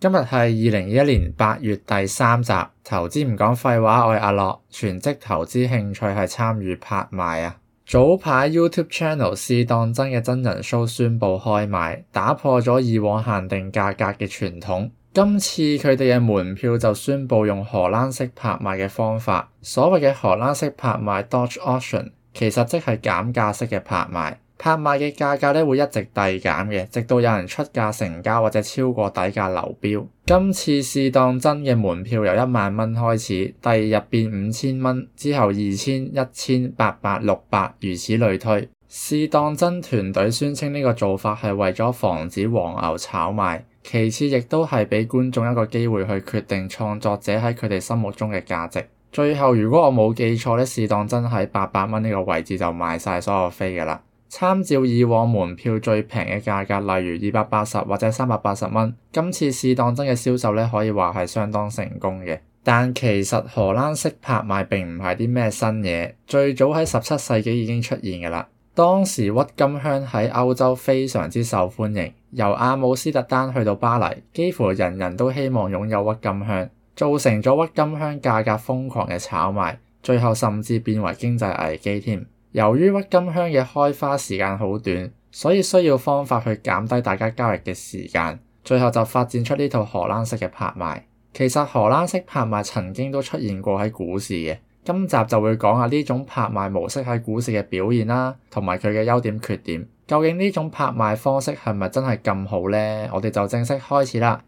今日係二零二一年八月第三集，投資唔講廢話，我係阿樂，全職投資興趣係參與拍賣啊。早排 YouTube channel 試當真嘅真人 show 宣佈開賣，打破咗以往限定價格嘅傳統。今次佢哋嘅門票就宣佈用荷蘭式拍賣嘅方法，所謂嘅荷蘭式拍賣 d o t c h auction） 其實即係減價式嘅拍賣。拍賣嘅價格呢會一直遞減嘅，直到有人出價成交或者超過底價流標。今次試當真嘅門票由一萬蚊開始，第二日變五千蚊，之後二千、一千、八百、六百，如此類推。試當真團隊宣稱呢個做法係為咗防止黃牛炒賣，其次亦都係俾觀眾一個機會去決定創作者喺佢哋心目中嘅價值。最後，如果我冇記錯呢，試當真喺八百蚊呢個位置就賣曬所有飛㗎啦。參照以往門票最平嘅價格，例如二百八十或者三百八十蚊，今次試當真嘅銷售咧，可以話係相當成功嘅。但其實荷蘭式拍賣並唔係啲咩新嘢，最早喺十七世紀已經出現㗎啦。當時鬱金香喺歐洲非常之受歡迎，由阿姆斯特丹去到巴黎，幾乎人人都希望擁有鬱金香，造成咗鬱金香價格瘋狂嘅炒賣，最後甚至變為經濟危機添。由於鬱金香嘅開花時間好短，所以需要方法去減低大家交易嘅時間。最後就發展出呢套荷蘭式嘅拍賣。其實荷蘭式拍賣曾經都出現過喺股市嘅。今集就會講下呢種拍賣模式喺股市嘅表現啦，同埋佢嘅優點缺點。究竟呢種拍賣方式係咪真係咁好呢？我哋就正式開始啦。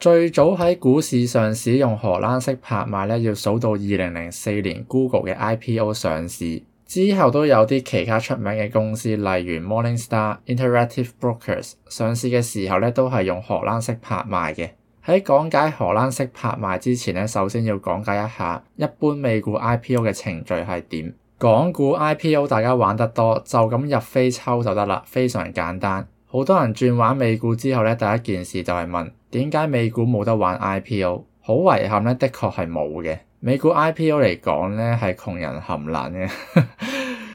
最早喺股市上使用荷蘭式拍賣咧，要數到二零零四年 Google 嘅 IPO 上市。之後，都有啲其他出名嘅公司，例如 Morningstar、Interactive Brokers 上市嘅時候咧，都係用荷蘭式拍賣嘅。喺講解荷蘭式拍賣之前咧，首先要講解一下一般美股 IPO 嘅程序係點。港股 IPO 大家玩得多，就咁入飛抽就得啦，非常簡單。好多人轉玩美股之後咧，第一件事就係問點解美股冇得玩 IPO。好遺憾咧，的確係冇嘅。美股 IPO 嚟講咧，係窮人含撚嘅。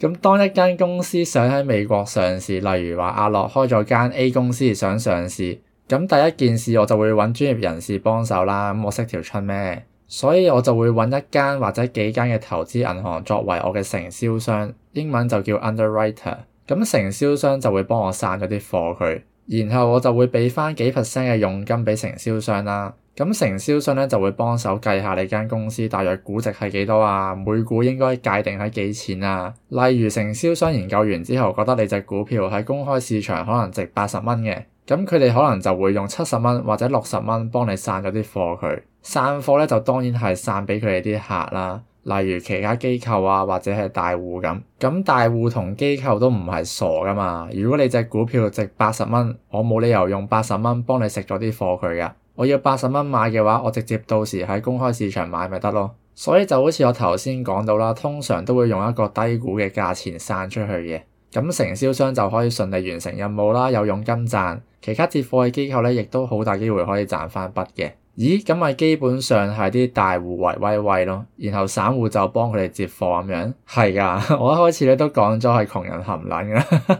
咁 當一間公司想喺美國上市，例如話阿樂開咗間 A 公司想上市，咁第一件事我就會揾專業人士幫手啦。咁我識條春咩？所以我就會揾一間或者幾間嘅投資銀行作為我嘅承銷商，英文就叫 underwriter。咁承銷商就會幫我散咗啲貨佢，然後我就會畀翻幾 percent 嘅佣金畀承銷商啦。咁承銷商咧就會幫手計下你間公司大約估值係幾多啊？每股應該界定喺幾錢啊？例如承銷商研究完之後覺得你隻股票喺公開市場可能值八十蚊嘅，咁佢哋可能就會用七十蚊或者六十蚊幫你散咗啲貨佢。散貨咧就當然係散畀佢哋啲客啦。例如其他機構啊，或者係大戶咁，咁大戶同機構都唔係傻噶嘛。如果你隻股票值八十蚊，我冇理由用八十蚊幫你食咗啲貨佢噶。我要八十蚊買嘅話，我直接到時喺公開市場買咪得咯。所以就好似我頭先講到啦，通常都會用一個低估嘅價錢散出去嘅。咁承銷商就可以順利完成任務啦，有佣金賺。其他接貨嘅機構咧，亦都好大機會可以賺返筆嘅。咦，咁咪基本上係啲大戶圍威喂咯，然後散戶就幫佢哋接貨咁樣，係噶。我一開始咧都講咗係窮人含撚嘅。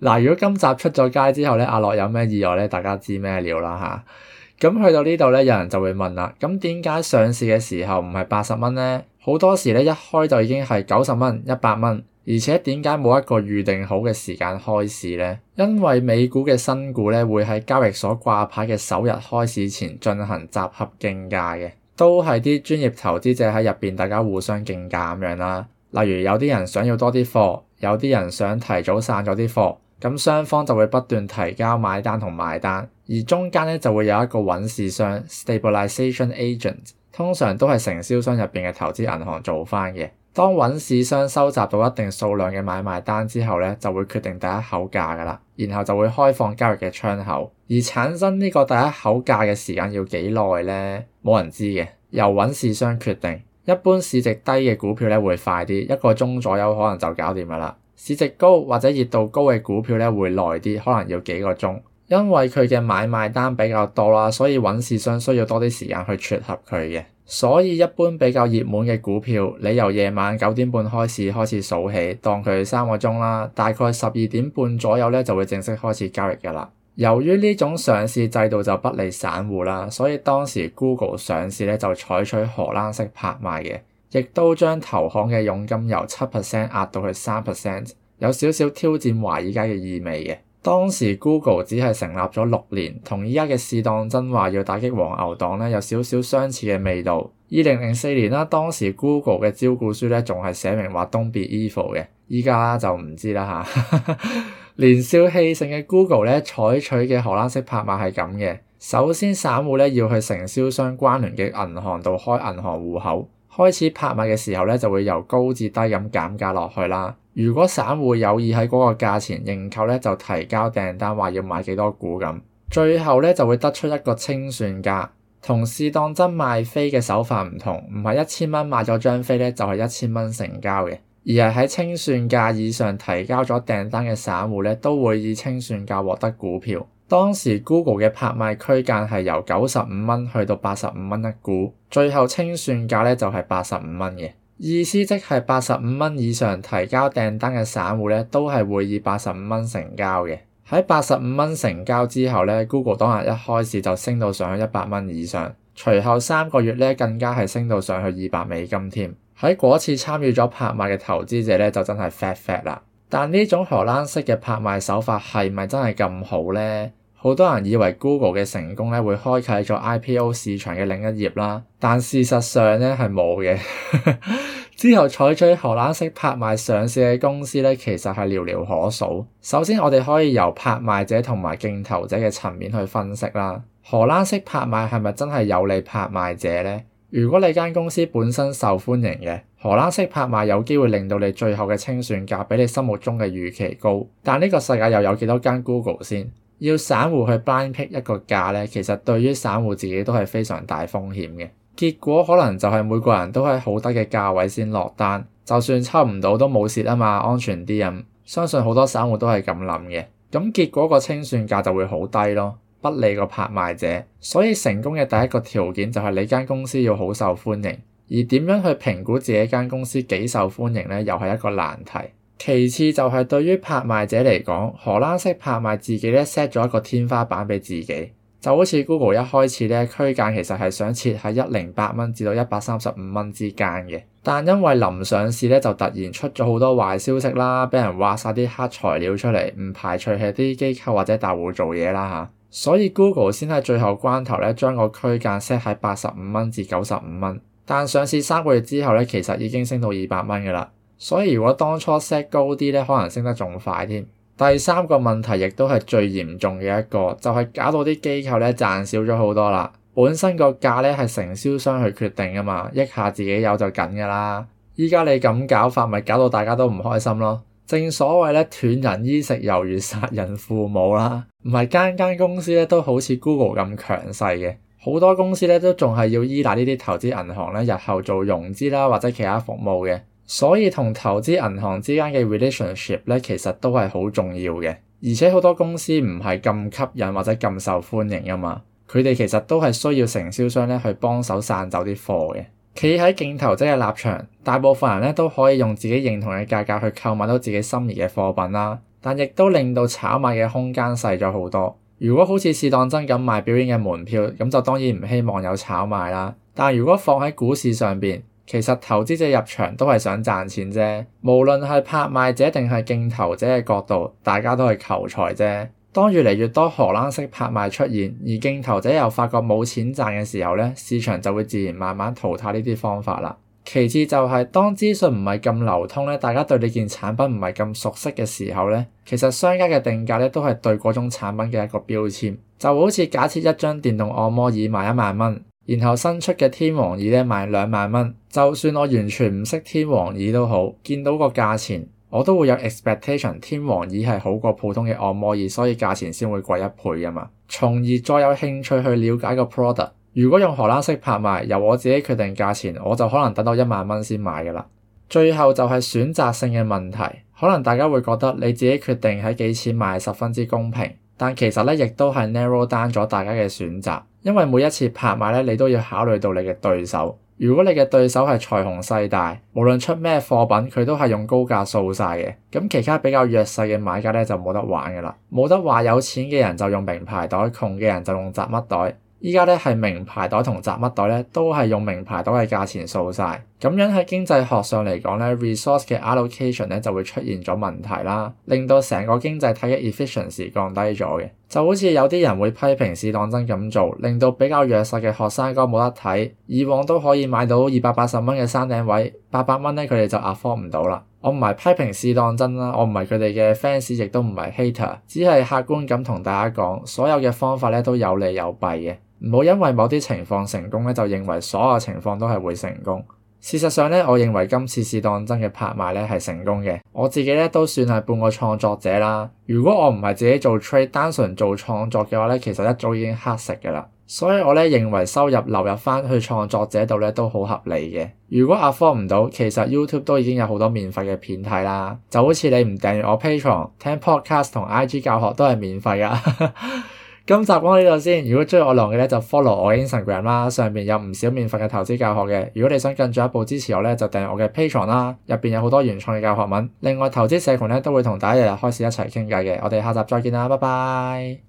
嗱，如果今集出咗街之後咧，阿、啊、樂有咩意外咧，大家知咩料啦吓，咁、啊、去到呢度咧，有人就會問啦，咁點解上市嘅時候唔係八十蚊咧？好多時咧一開就已經係九十蚊、一百蚊。而且點解冇一個預定好嘅時間開市呢？因為美股嘅新股咧會喺交易所掛牌嘅首日開市前進行集合競價嘅，都係啲專業投資者喺入邊大家互相競價咁樣啦。例如有啲人想要多啲貨，有啲人想提早散咗啲貨，咁雙方就會不斷提交買單同埋單，而中間咧就會有一個穩市商 s t a b i l i z a t i o n agent），通常都係承銷商入邊嘅投資銀行做翻嘅。當揾市商收集到一定數量嘅買賣單之後呢，就會決定第一口價㗎喇，然後就會開放交易嘅窗口。而產生呢個第一口價嘅時間要幾耐呢？冇人知嘅，由揾市商決定。一般市值低嘅股票呢會快啲，一個鐘左右可能就搞掂㗎喇。市值高或者熱度高嘅股票呢會耐啲，可能要幾個鐘，因為佢嘅買賣單比較多啦，所以揾市商需要多啲時間去撮合佢嘅。所以一般比較熱門嘅股票，你由夜晚九點半開市開始數起，當佢三個鐘啦，大概十二點半左右咧就會正式開始交易㗎喇。由於呢種上市制度就不利散戶啦，所以當時 Google 上市咧就採取荷蘭式拍賣嘅，亦都將投行嘅佣金由七 percent 壓到去三 percent，有少少挑戰華爾街嘅意味嘅。當時 Google 只係成立咗六年，同而家嘅試當真話要打擊黃牛黨咧，有少少相似嘅味道。二零零四年啦，當時 Google 嘅招股書咧，仲係寫明話 Don't be evil 嘅，而家就唔知啦嚇。 年少氣盛嘅 Google 咧，採取嘅荷蘭式拍賣係咁嘅，首先散戶咧要去承銷商關聯嘅銀行度開銀行戶口，開始拍賣嘅時候咧，就會由高至低咁減價落去啦。如果散戶有意喺嗰個價錢認購咧，就提交訂單，話要買幾多股咁，最後咧就會得出一個清算價，同試當真賣飛嘅手法唔同，唔係一千蚊買咗張飛咧就係一千蚊成交嘅，而係喺清算價以上提交咗訂單嘅散戶咧，都會以清算價獲得股票。當時 Google 嘅拍賣區間係由九十五蚊去到八十五蚊一股，最後清算價咧就係八十五蚊嘅。意思即係八十五蚊以上提交訂單嘅散戶咧，都係會以八十五蚊成交嘅。喺八十五蚊成交之後咧，Google 當日一開始就升到上去一百蚊以上，隨後三個月咧更加係升到上去二百美金添。喺嗰次參與咗拍賣嘅投資者咧，就真係 fat fat 啦。但呢種荷蘭式嘅拍賣手法係咪真係咁好咧？好多人以為 Google 嘅成功咧會開啟咗 IPO 市場嘅另一頁啦，但事實上咧係冇嘅。 之後採取荷蘭式拍賣上市嘅公司咧，其實係寥寥可數。首先，我哋可以由拍賣者同埋競投者嘅層面去分析啦。荷蘭式拍賣係咪真係有利拍賣者咧？如果你間公司本身受歡迎嘅，荷蘭式拍賣有機會令到你最後嘅清算價比你心目中嘅預期高。但呢個世界又有幾多間 Google 先？要散戶去 b l 一個價咧，其實對於散戶自己都係非常大風險嘅。結果可能就係每個人都喺好低嘅價位先落單，就算抽唔到都冇事啊嘛，安全啲咁。相信好多散戶都係咁諗嘅。咁結果個清算價就會好低咯，不理個拍賣者。所以成功嘅第一個條件就係你間公司要好受歡迎，而點樣去評估自己間公司幾受歡迎咧，又係一個難題。其次就係對於拍賣者嚟講，荷蘭式拍賣自己咧 set 咗一個天花板俾自己，就好似 Google 一開始咧區間其實係想設喺一零八蚊至到一百三十五蚊之間嘅，但因為臨上市咧就突然出咗好多壞消息啦，俾人挖晒啲黑材料出嚟，唔排除係啲機構或者大戶做嘢啦嚇，所以 Google 先喺最後關頭咧將個區間 set 喺八十五蚊至九十五蚊，但上市三個月之後咧其實已經升到二百蚊㗎啦。所以如果當初 set 高啲咧，可能升得仲快添。第三個問題亦都係最嚴重嘅一個，就係、是、搞到啲機構咧賺少咗好多啦。本身個價咧係承銷商去決定噶嘛，益下自己有就緊噶啦。依家你咁搞法，咪搞到大家都唔開心咯。正所謂咧，斷人衣食猶如殺人父母啦。唔係間間公司咧都好似 Google 咁強勢嘅，好多公司咧都仲係要依賴呢啲投資銀行咧，日後做融資啦或者其他服務嘅。所以同投資銀行之間嘅 relationship 咧，其實都係好重要嘅，而且好多公司唔係咁吸引或者咁受歡迎噶嘛，佢哋其實都係需要承銷商咧去幫手散走啲貨嘅。企喺競投者嘅立場，大部分人咧都可以用自己認同嘅價格去購買到自己心儀嘅貨品啦，但亦都令到炒賣嘅空間細咗好多。如果好似試當真咁賣表演嘅門票，咁就當然唔希望有炒賣啦。但如果放喺股市上邊，其實投資者入場都係想賺錢啫，無論係拍賣者定係競投者嘅角度，大家都係求財啫。當越嚟越多荷蘭式拍賣出現，而競投者又發覺冇錢賺嘅時候呢，市場就會自然慢慢淘汰呢啲方法啦。其次就係，當資訊唔係咁流通咧，大家對呢件產品唔係咁熟悉嘅時候呢，其實商家嘅定價咧都係對嗰種產品嘅一個標籤，就會好似假設一張電動按摩椅賣一萬蚊。然後新出嘅天王椅咧賣兩萬蚊，就算我完全唔識天王椅都好，見到個價錢我都會有 expectation，天王椅係好過普通嘅按摩椅，所以價錢先會貴一倍啊嘛，從而再有興趣去了解個 product。如果用荷蘭式拍賣，由我自己決定價錢，我就可能等到一萬蚊先買噶啦。最後就係選擇性嘅問題，可能大家會覺得你自己決定喺幾錢買十分之公平，但其實咧亦都係 narrow down 咗大家嘅選擇。因為每一次拍賣咧，你都要考慮到你嘅對手。如果你嘅對手係財雄勢大，無論出咩貨品，佢都係用高價掃晒嘅。咁其他比較弱勢嘅買家咧，就冇得玩㗎喇。冇得話有錢嘅人就用名牌袋，窮嘅人就用雜物袋。依家咧係名牌袋同雜物袋咧，都係用名牌袋嘅價錢掃晒。咁樣喺經濟學上嚟講咧，resource 嘅 allocation 咧就會出現咗問題啦，令到成個經濟體嘅 efficiency 降低咗嘅。就好似有啲人會批評試當真咁做，令到比較弱勢嘅學生哥冇得睇。以往都可以買到二百八十蚊嘅山頂位，八百蚊咧佢哋就 afford 唔到啦。我唔係批評試當真啦，我唔係佢哋嘅 fans，亦都唔係 hater，只係客觀咁同大家講，所有嘅方法咧都有利有弊嘅。唔好因為某啲情況成功咧，就認為所有情況都係會成功。事實上咧，我認為今次試當真嘅拍賣咧係成功嘅。我自己咧都算係半個創作者啦。如果我唔係自己做 trade，單純做創作嘅話咧，其實一早已經黑食噶啦。所以我咧認為收入流入翻去創作者度咧都好合理嘅。如果 afford 唔到，其實 YouTube 都已經有好多免費嘅片睇啦。就好似你唔訂閱我 Patreon 聽 podcast 同 IG 教學都係免費噶。 今集講到呢度先。如果中意我浪嘅咧，就 follow 我 Instagram 啦，上邊有唔少免費嘅投資教學嘅。如果你想更進一步支持我咧，就訂閱我嘅 Patreon 啦，入邊有好多原創嘅教學文。另外，投資社群咧都會同大家日日開市一齊傾偈嘅。我哋下集再見啦，拜拜。